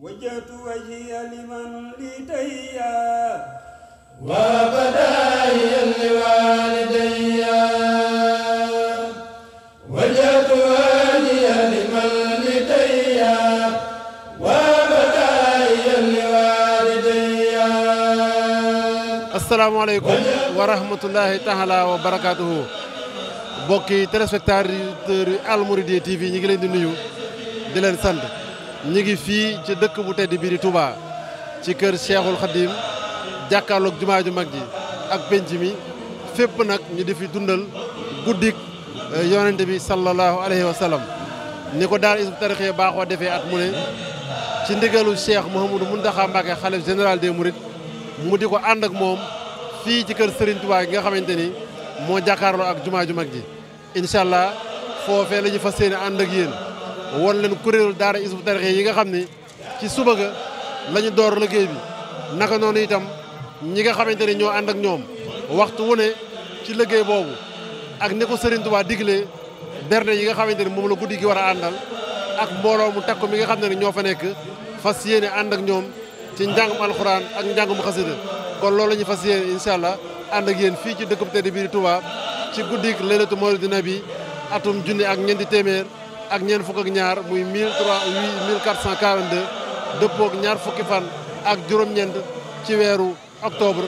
وجهت وجهي لمن لدي وبداي لوالدي وجهت وجهي لمن لدي وبداي لوالدي السلام عليكم ورحمة الله تعالى وبركاته mbokki téléspectateurs Al Mouridiyyah TV ñi ngi leen di nuyu di leen sant ñi ngi fii ci dëkk bu tedd bii di Touba ci kër Cheikhul Khadim jàkkaarloog jumaa ju mag ji ak penc mi fépp nag ñu di fi dundal guddik eh, yonente bi sallallahu alayhi wa sallam ni ko daal Hizbut Tarqiyyah baaxoo defee at mu ne ci ndigalu Cheikh Mouhamadou Mountakha Mbacké xalif général des Mourides mu di ko ànd ak moom fii ci kër Serigne Touba gi nga xamante ni moo jàkkaarloo ak jumaa ju mag ji incha allah foofee la ñu fas yéene ànd ak yéen won leen kuréelu daara isbu tarixe yi nga xam ni ci suba ga la door liggéey bi naka noonu itam ñi nga xamante ne ñoo ànd ak ñoom waxtu wu ne ci léggéey boobu ak ni sëriñ Serigne Touba diglee berne yi nga xamante ne moom la guddi gi war a àndal ak mbooloo mu takku mi nga xam ne ñoo fa nekk fas yéene ànd ak ñoom ci njàngum alxuraan ak njàngum xasida kon loolu la ñu fas yéene incha ànd ak yéen fii ci dëkk bu tedd bii di Touba ci guddi gi Leylatu Mawlidin Nabi atum junni ak ñeenti téeméer. ak ñeent fukk ak ñaar muy mille trois mille quatre cent quarante deux dëppoog ñaar fukki fan ak juróom-ñeent ci weeru octobre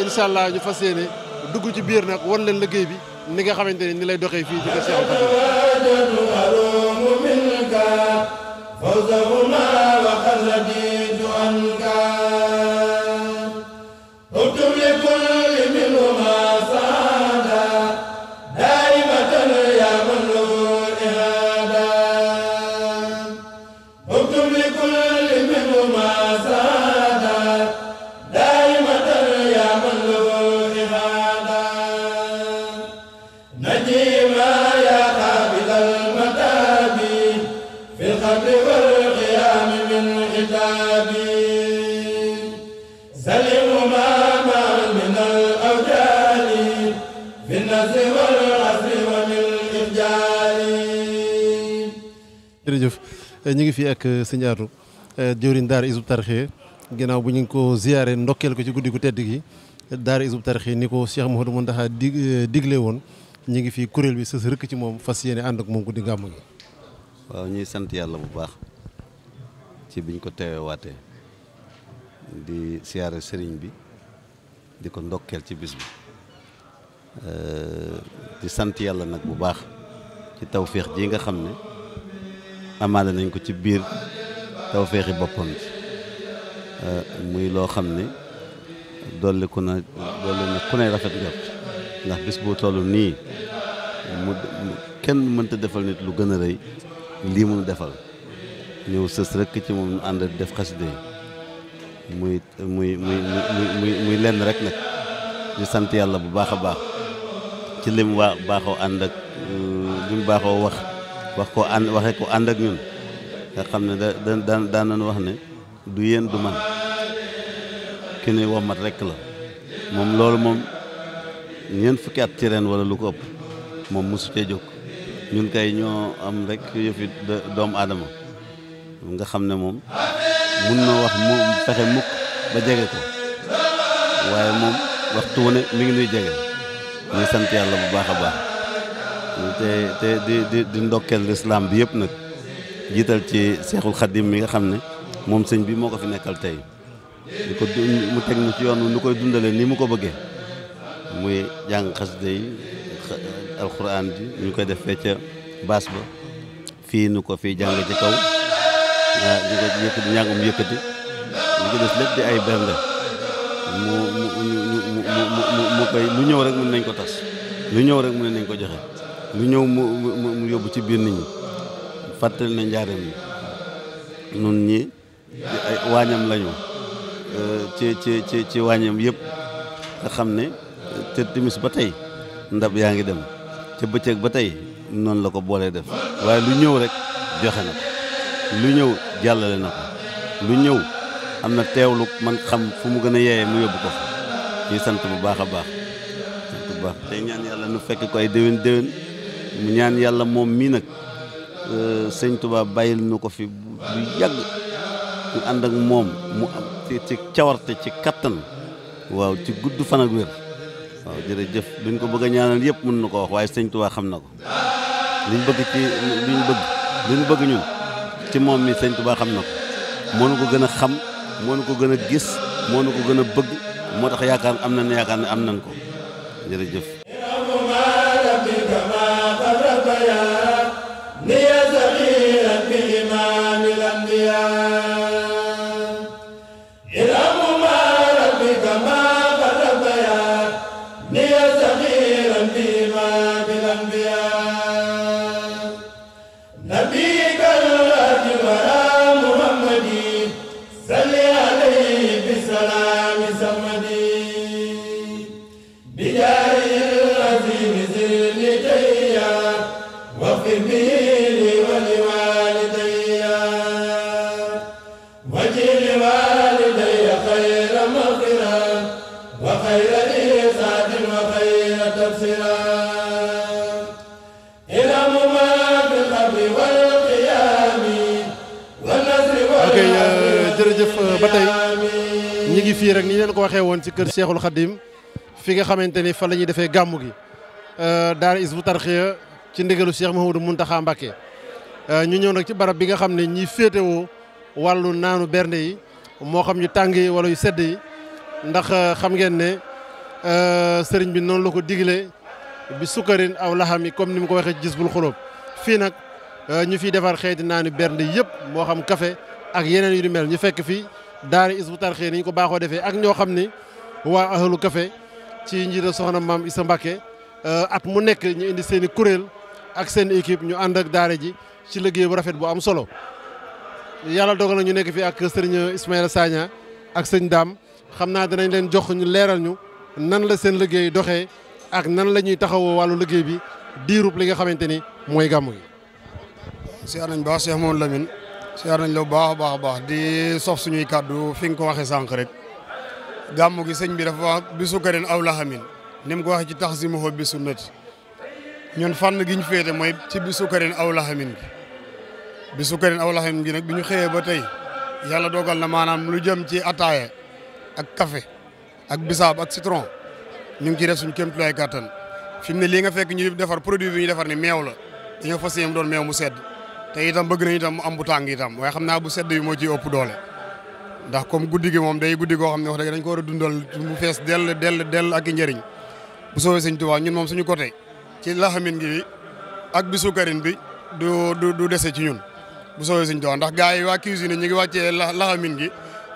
incha allah ñu fas yéene dugg ci biir nag wan leen liggéey bi ni nga xamante ne ni lay doxe fii ci kër Cheikh Abdou Khadre ngi fi ak eh, sëñ Atou eh, jëwriñ daara Hizbut Tarqiyyah ginnaaw bu ñu ko ziyaare ndokkeel ko ci guddi gu tedd gi daara Hizbut Tarqiyyah ni ko Cheikh Mouhamadou Mountakha dig eh, digle woon ñu ngi fi kuréel bi sës rëkk ci moom fas yéene ànd ak moom guddi gàmm gi. waaw ñuy sant yàlla bu baax ci biñ ko teeweewaatee di siyaare sëriñ bi di ko ndokkeel ci bis bi di sant yàlla nag bu baax ci tawféex ji nga xam ne. amaale nañ ko ci biir feexi boppam ci euh, muy loo xam ni dolli ku na dolli na ku ne rafet njort ndax bis bu toll nii mu kenn mënta defal nit lu gën a rëy lii mu defal ñëw sës rek ci moom ànd def xasida yi muy muy muy muy muy lenn rek nag di sant yàlla bu baax a baax ci lim waa baaxoo ànd ak euh, lim baaxoo wax wax ko ànd waxe ko ànd ak ñun nga xam ne da daan daan nañu wax ne du yéen du man ki nuy womat rekk la moom loolu moom ñeent fukki at ci ren walla lu ko ëpp moom mosu cee jóg ñun kay ñoo am rekk yëfi doomu aadama nga xam ne moom mun na wax mu fexe mukk ba jege ko waaye moom waxtu wu ne ngi nuy jege ñuy sant yàlla bu baax a baax te te di di di lislaam bi yëpp nag jiital ci seexul xadim mi nga xam ne moom sëñ bi moo ko fi nekkal tey di mu teg na ci yoon nu koy dundalee ni mu ko bëggee muy jàng xasida yi alxuraan ji ñu koy def fee baas ba fii nu ko fi jàng ci kaw waa ñu ko yëkkati ñàngum yëkkati ko def lépp di ay bernde mu mu mu mu mu koy lu ñëw rek mën nañ ko tas lu ñëw rek mën nañ ko joxe lu ñëw mu mu yóbbu ci biir nit ñi fàttali na njaareem yi nun ñii waañam lañu euh, ci ci ci ci waañam yëpp nga xam ne te timis ba tey ndab yaa ngi dem te bëccëg ba tey noonu la ko boolee def waaye lu ñëw rek joxe na lu ñëw jàllale na ko lu ñëw am na teewlu man xam fu mu gën a yeeyee mu yóbbu ko fa ñuy sant bu baax a baax sant ñaan yàlla nu fekk ko ay déwén déwén mu ñaan yàlla moom mii nag euh, sëñ Touba bàyyil nu ko fi bu yàgg ñu ànd ak moom mu am ci cawarte ci kattan waaw ci gudd fan ak wér waaw jërëjëf luñ ko bëgg a ñaanal yëpp mën na ko wax waaye sëñ Touba xam na ko liñ bëgg ci liñ bëgg liñ bëgg ñun ci moom mi sëñ Touba xam na ko moo nu ko gën a xam moo nu ko gën a gis moo nu ko gën a bëgg moo tax yaakaar am nañ yaakaar ne am nañ ko jërëjëf kër Cheikhul Khadim fi nga xamante ni fa la ñuy defee gàmmu gi euh, daara Hizbut Tarqiyyah ci ndigalu Cheikh Mouhamadou Mountakha Mbacké euh, ñu ñëw nag ci barab bi nga xam ne ñi féetewoo wàllu naanu bernde yi moo xam ñu tàng yi wala yu sedd yi ndax euh, xam ngeen ne sëriñ bi noonu la ko digle bi sukkarin aw laxam yi comme ni mu ko waxee ci Jisbul Xuloob fii nag ñu fiy defar xeeti naanu bernde yëpp moo xam kafe ak yeneen yu di mel ñu fekk fii daara Hizbut Tarqiyyah ni ñu ko baaxoo defee ak ñoo xam ni waa ahlu kafe ci njiital soxna maam Issa Mbacké euh, at mu nekk ñu indi seeni kuréel ak seen équipe ñu ànd ak daara ji ci liggéey bu rafet bu am solo yàlla dogal na ñu nekk fii ak sëriñ Ismaïla Sagna ak sëñ Daam xam naa danañ leen jox ñu leeral ñu nan la seen liggéey doxee ak nan la ñuy taxawoo wàllu liggéey bi diirub li nga xamante ni mooy gàmmu gi. siyaar nañ baax Cheikh Mamadou Lamine siyaar nañ la bu baax baax baax di sof suñuy kàddu fi nga ko waxee sànq rek. gàmmu gi sëñ bi dafa wax bi sukkarin aw laxamin ni mu ko waxee ci taxsimuhu bi sunnati ñun fànn gi ñu féete mooy ci bi sukkarin aw laxamin gi bi sukkarin aw laxamin gi nag bi ñu xëyee ba tey yàlla dogal na maanaam lu jëm ci ataaya ak café ak bisaab ak citron ñu ngi ciy def suñu kéemtulaay kàttan fi mu ne lii nga fekk ñu defar produit bi ñu defar ni meew la ñoo fas yéene doon meew mu sedd te itam bëgg nañu itam mu am bu tàng itam waaye xam naa bu sedd bi moo ciy ëpp doole ndax comme guddi gi moom day guddi goo xam ne wax dëgg dañ ko war a dundal mu fees dell dell dell ak i njëriñ bu soobee sëñ Tuubaa ñun moom suñu côté ci laxamin gi ak bisu karin bi du du du dese ci ñun bu soobee sëñ Tuubaa ndax gars yi waa cuisine ñu ngi wàccee laxamin gi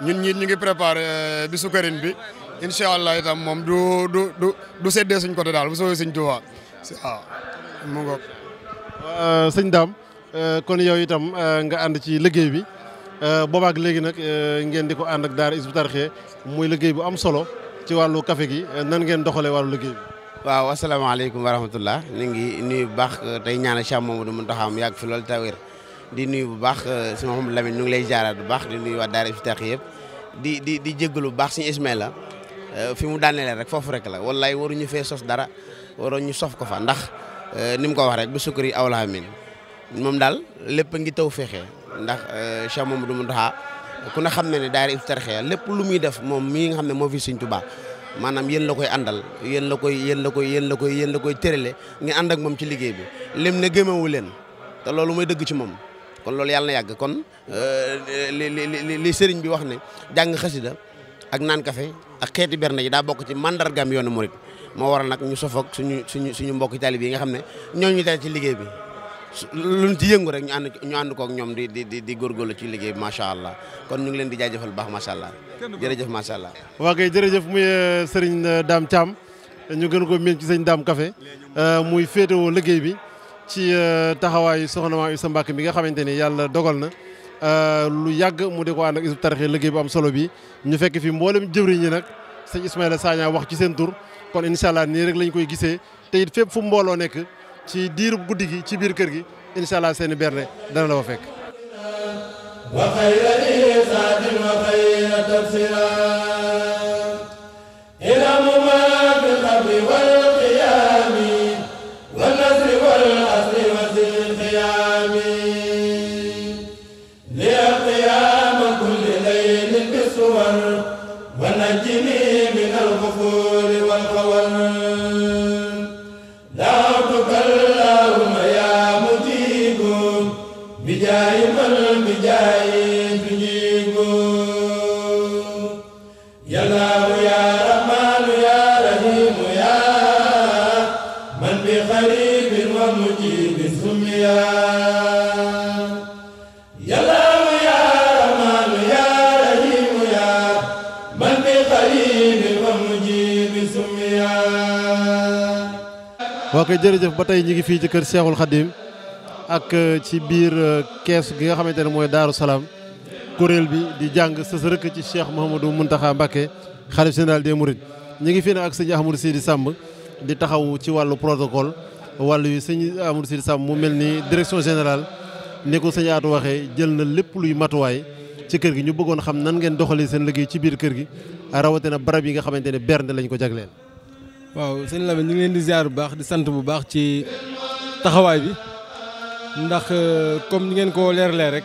ñun ñiit ñu ngi préparé euh, bisu karin bi incha allah itam moom du du du du seddee suñ côté daal bu soobee sëñ Tuubaa waaw mu ngoog euh, sëñ euh, kon yow itam nga ànd ci liggéey bi. Euh, boobaak léegi nag euh, ngeen di ko ànd ak daara Hizbut Tarqiyyah muy liggéey bu am solo ci wàllu kafe gi nan ngeen doxalee wàllu liggéey bi. waaw asalaamaaleykum wa rahmatullah ñu ngi nuyu bu baax euh, tey ñaanal Cheikh Mamadou Mountakha mu yàgg fi loolu tawir di nuyu bu baax si Mouhamadou Lamine ñu ngi lay jaaraat bu baax di nuyu waa daara Hizbut Tarqiyyah yëpp di di di jéggalu bu baax si suñu la fi mu daanelee rek foofu rek la wallaay waruñu fee sos dara waroon ñu sof ko fa ndax ni mu ko wax rek bu sukkur yi aw la amin moom daal lépp ngi taw fexe ndax euh, du mu Mountakha ku ne xam ne ne daayira Hizbut Tarqiyyah lépp lu muy def moom mii nga xam ne moo fi Sëriñ Tuubaa maanaam yéen la koy àndal yéen la koy yéen la koy yéen la koy yéen la koy tërale ngeen ànd ak moom ci liggéey bi lim ne gémmewu leen te loolu mooy dëgg ci moom kon loolu yàlla na yàgg kon euh, li li li sëriñ bi wax ne jàng xasida ak naan kafe ak xeeti berne yi daa bokk ci mandargam yoonu murit moo waral nag ñu sofoog suñu suñu suñu mbokki taalib yi nga xam ne ñooñu tey ci liggéey bi luñ ci yëngu rek ñu ànd ñu ànd kook ñoom di di di góorgóorlu ci liggéey bi macha allah kon ñu ngi leen di jaajafal baax macha allah jërëjëf macha allah waa kay jërëjëf muy euh, Serigne euh, daam caam ñu gën ko miin ci sëñ Dame Café euh, muy féetewoo liggéey bi ci taxawaayu soxna Maam sa Mbacke mi nga xamante ni yàlla dogal na lu yàgg mu di ko ànd ak isub tarixi liggéey bu am solo bi ñu fekk fi mboolem jëwriñ ñi nag sëñ Ismaïla Sagna wax ci seen tur kon incha allah nii rek lañ koy gisee te it fu mbooloo nekk ci diir guddi gi ci biir kër gi incha allah seeni berne dana la fa fekk wa xayra isaatin wa xayra ila mu ma bi xabri wal bijaay man bijaay tuñuy góor yallaahu yaa rahmaanu yaa rahiimu yaa man bi xaribin wa mujibin sumiyaa yallaahu yaa rahmaanu yaa rahiimu yaa man bi xaribin wa mujibin sumiyaa. ok jërëjëf ba tey ñu ngi fii ci kër Seexul Xadim ak euh, ci biir euh, kees gi nga xamante ne mooy Daaru Salaam kuréel bi di jàng sës rëkk ci Cheikh Mouhamadou Mountakha Mbacké xalif général des Mourides ñu ngi fii nag ak sëñ Ahmadou Sidi Samb di taxaw ci wàllu protocole wàllu yi sëñ Ahmadou Sidi sàmm mu mel ni direction général ni ko sëñ Aatu waxee jël na lépp luy matuwaay ci kër gi ñu bëggoon xam nan ngeen doxalee seen liggéey ci biir kër gi rawatina barab yi nga xamante ne bernde lañ ko jagleel. waaw sëñ ñu ngi leen di ziar bu baax di sant bu baax ci taxawaay bi. ndax euh, comme ni ngeen ko leeralee rek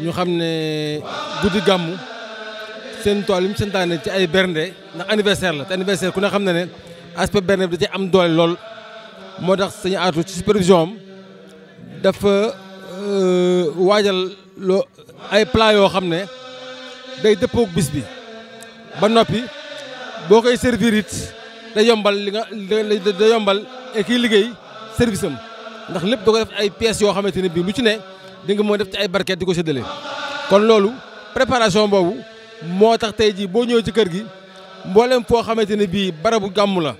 ñu xam ne guddi gàmmu seen tool yi mu santaane ci ay bernde ndax anniversaire la te anniversaire ku ne xam ne ne aspect bernde bi da ci am doole lool moo tax sañu aatu ci supervision am dafa euh, waajal loo ay plat yoo xam ne day dëppoog bis bi ba noppi boo koy servir it da yombal li nga da yombal et eh, liggéey service am ndax lépp da ko def ay pièces yoo xamante ne bii lu ci ne di nga moo def ci ay barquettes di ko séddale kon loolu préparation boobu moo tax tey jii boo ñëwee ci kër gi mboolem foo xamante ne bii barabu gàmmu la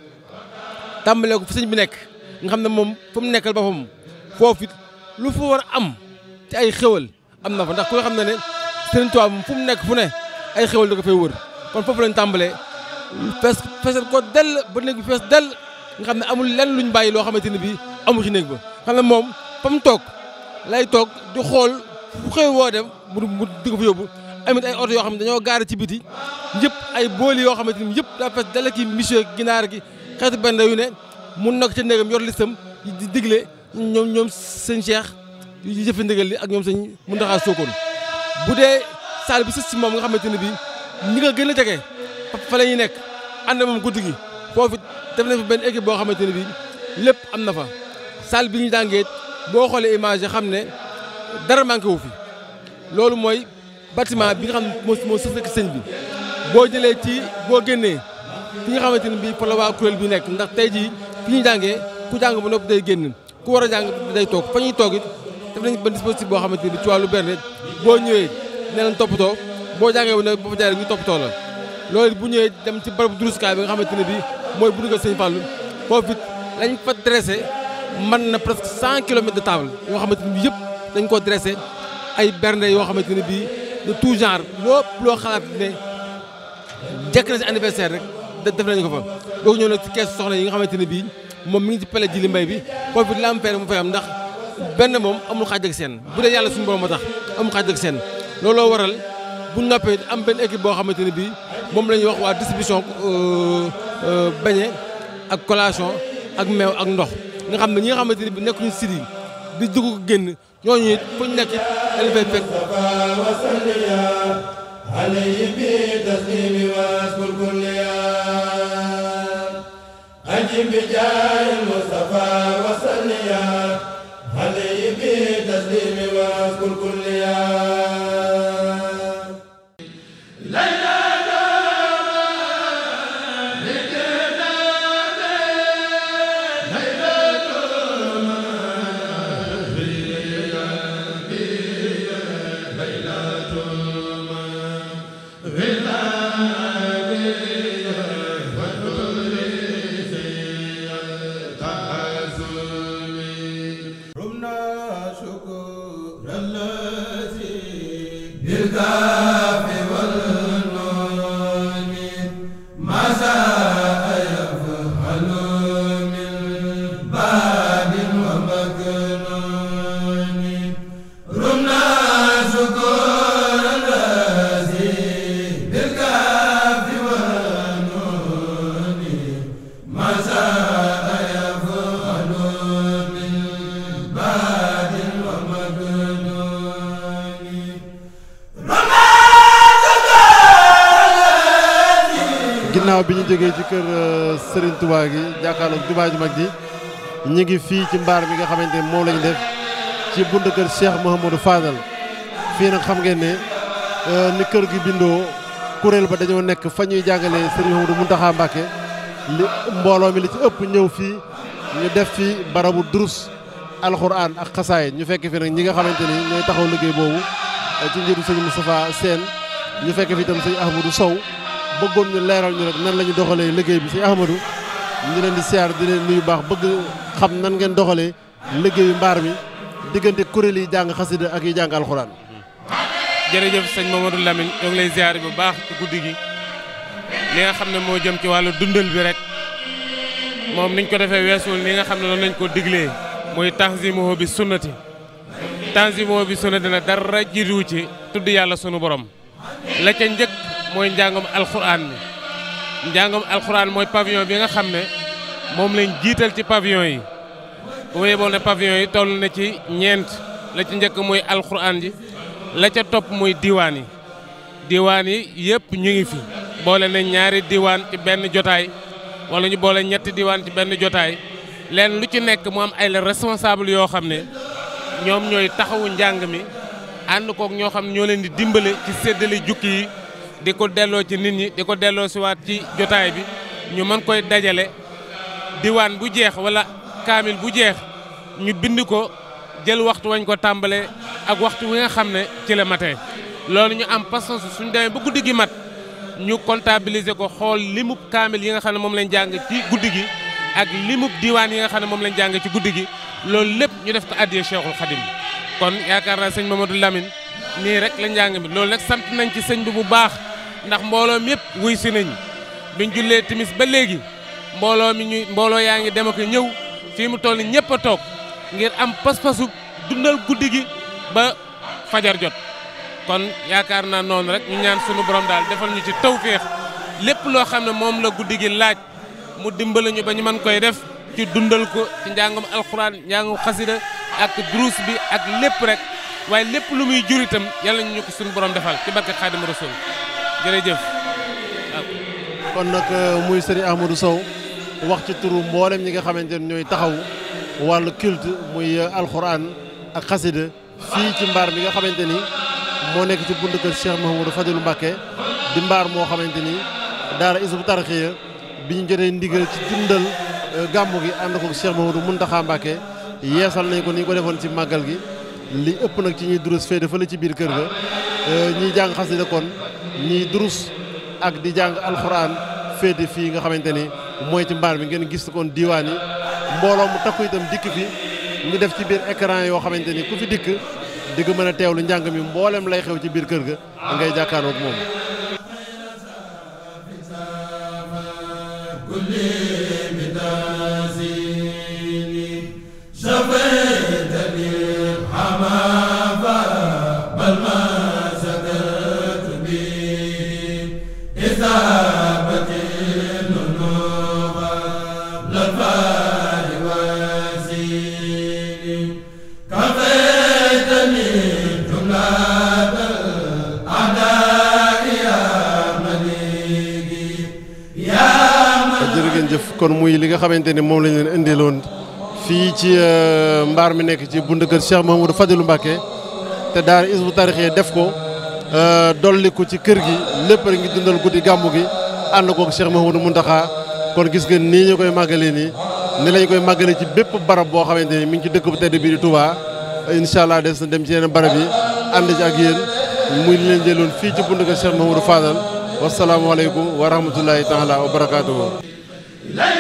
tàmbalee ko fi sëñ bi nekk nga xam ne moom fu mu nekkal boppam foofu it lu fa war a am ci ay xéwal am na fa ndax ku nga xam ne ne sëriñ am fu mu nekk fu ne ay xéwal da ko fay wër kon foofu lañ tàmbalee fees feesal ko dell ba néeg bi fees dell nga xam ne amul lenn luñ bàyyi loo xamante ne bii amul ci néeg ba xam ne moom fa mu toog lay toog di xool fu xëy woo dem mu mu di ko fa yóbbu amit ay oto yoo xam ne dañoo gaare ci biti yëpp ay booli yoo xamante ni yëpp daa fees dala ki monsieur ginaar gi xeetu yu ne mun na ko ca néegam yor listam di digle ñoom ñoom sëñ Cheikh yu jëfe ndigal li ak ñoom sëñ Mountakha Sokone bu dee saal bi si si moom nga xamante ne bii ñi nga gën a jege fa la ñuy nekk ànd moom guddi gi foofu def na fa benn équipe boo xamante ne bii lépp am na fa salle bi ñu jàngee boo xoolee image yi xam ne dara manqué wu fi loolu mooy bâtiment bi nga xam moo moo sës sëñ bi boo jëlee ci boo génnee fi nga xamante ne bii fa la waa kuréel bi nekk ndax tey jii fi ñu jàngee ku jàng ba noppi day génn ku war a jàng day toog fa ñuy toog it def nañ ba dispositif boo xamante ne bii ci wàllu benn boo ñëwee ne leen toppatoo boo jàngee ba noppi ba fa jaaree ñu toppatoo la loolu bu ñëwee dem ci barabu durusukaay bi nga xamante ne bii mooy bu sëñ Fallou foofu it lañ fa man na presque cent kilomètres de table yoo xamante ni yëpp dañ ko dressé ay bernde yoo xamante ne bii de tout genre lépp loo xalaat ne jekk na si anniversaire rek da def nañu ko fa doo ñëw nag ci kees soxna yi nga xamante ne bii moom mi ngi ci pale ji li mbay bi foofu it lampeere mu fay am ndax benn moom amul xaaj ak seen bu dee yàlla suñu borom moo tax amul xaaj ak seen loo waral bu noppee am benn équipe boo xamante ne bii moom la ñuy wax waa distribution euh, euh, beignet ak ak meew ak ndox nga xam ne ñi nga xamante ne bi nekkuñu si yi di dugg génn ñooñu it fu ñu nekk it dañu fay fekk. أجب جاه المصطفى Touba gi jàkkaarloog jumaa ju mag ji ñu ngi fii ci mbaar mi nga xamante ne moom lañu def ci buntu kër Cheikh Mouhamadou Fadal fii nag xam ngeen ne euh, ni kër gi bindoo kuréel ba dañoo nekk fa ñuy jàngalee Serigne Mouhamadou Mountakha Mbacké li mbooloo mi li ci ëpp ñëw fii ñu def fii barabu durus alxuraan ak xasaay ñu fekk fi nag ñi nga xamante ni ñooy taxaw liggéey boobu ci njiitu sëñ Moustapha Sène ñu fekk fi itam sëñ Ahmadou Sow bëggoon ñu leeral ñu rek nan la ñu doxalee liggéey bi sëñ Ahmadou ñi ngi leen di siyaar di leen nuyu baax bëgg xam nan ngeen doxalee liggéeyu mbaar mi diggante kuréel yi jàng xasida ak yi jàng alxuraan. jërëjëf sëñ Mamadou Lamine ñoo ngi lay ziar bu baax ci guddi gi li nga xam ne moo jëm ci wàllu dundal bi rek moom niñ ko defee weesuwul li nga xam ne noonu lañ ko diglee mooy tanzimoo bi sunnati tanzimoo bi sunnati nag dara jiitu ci tudd yàlla sunu borom la ca njëkk mooy njàngum alxuraan mi njàngam alxuraan mooy pavillon bi nga xam ne moom lañ jiital ci pavillon yi bu ma yeboon ne pavillon yi toll na ci ñeent la ci njëkk mooy alxuraan ji la ca topp mooy diwaan yi diwaan yi yëpp ñu ngi fi boole nañ ñaari diwaan ci benn jotaay wala ñu boole ñetti diwaan ci benn jotaay leen lu ci nekk mu am ay la responsable yoo xam ne ñoom ñooy taxawu njàng mi ànd kook ñoo xam ñoo leen di dimbale ci séddale jukki yi di ko delloo ci nit ñi di ko delloo siwaat ci jotaay bi ñu man koy dajale diwaan bu jeex wala kaamil bu jeex ñu bind ko jël waxtu wañ ko tàmbalee ak waxtu wi nga xam ne ci la matee loolu ñu am patience suñu demee ba guddi gi mat ñu comptabiliser ko xool limub kaamil yi nga xam ne moom lañ jàng ci guddi gi ak limub diwaan yi nga xam ne moom lañ jàng ci guddi gi loolu lépp ñu def ko addiyee Cheikhul bi kon yaakaar naa sëñ Mamadou Lamine nii rek la njàng mi loolu nag sant nañ ci sëñ bi bu baax ndax mbooloo mi yëpp wuy si nañu biñ jullee timis ba léegi mbooloo mi ñuy mbooloo yaa ngi dem a ko ñëw fii mu toll ñëpp a toog ngir am pas-pasu dundal guddi gi ba fajar jot kon yaakaar naa noonu rek ñu ñaan sunu borom daal defal ñu ci tawféex lépp loo xam ne moom la guddi gi laaj mu dimbali ñu ba ñu mën koy def ci dundal ko ci njàngum alxuraan njàngum xasida ak duruus bi ak lépp rek waaye lépp lu muy jur itam yàlla ñu ñu ko sunu borom defal ci barke Xaadimu Rasuul jërëjëf kon nag euh, muy sëriñ Ahmadou Sow wax ci turu mboolem ñi nga xamante ne ñooy taxaw wàllu culte muy euh, alxuraan ak xasida fii ci mbaar mi nga xamante ni moo nekk ci buntu kër Cheikh Mahamadou Fadilu Mbàkke di mbaar moo xamante ni daara Hizbut Tarqiyyah bi ñu jotee ndigal ci dundal euh, gàmmu gi ànd ko Cheikh Mahamadou Muntaxa Mbàkke yeesal nañ ko ni ko defoon ci màggal gi li ëpp nag ci ñuy durus fee dafa la ci biir kër ga ñuy jàng xasida kon ñiy durus ak di jàng alxuraan féete fii nga xamante ni mooy ci mbaar mi ngeen gis kon diiwaan yi mbooloo mu takku itam dikk bi ñu def ci biir écran yoo xamante ni ku fi dikk di mën a teewlu njàng mi mboolem lay xew ci biir kër ga ngay jàkkaarloog moom. muy li nga xamante ni moom lañ leen indiloon fii ci euh, mbaar mi nekk ci bunt kër Cheikh Mouhamadou Fadilou Mbacké te daara Hizbut Tarqiyyah def ko euh, dolli ko ci kër gi lépp rek ngi dundal guddi gi ànd koog Cheikh Mouhamadou Mountakha kon gis ngeen nii ñu koy màggalee nii ni lañ koy màggalee ci bépp barab boo xamante ni mi ngi ci dëkk bu tedd bii di Touba incha dem ci yeneen barab ànd ci ak yéen muy fii ci bunt kër Cheikh wa rahmatullahi taala wa barakaatuhu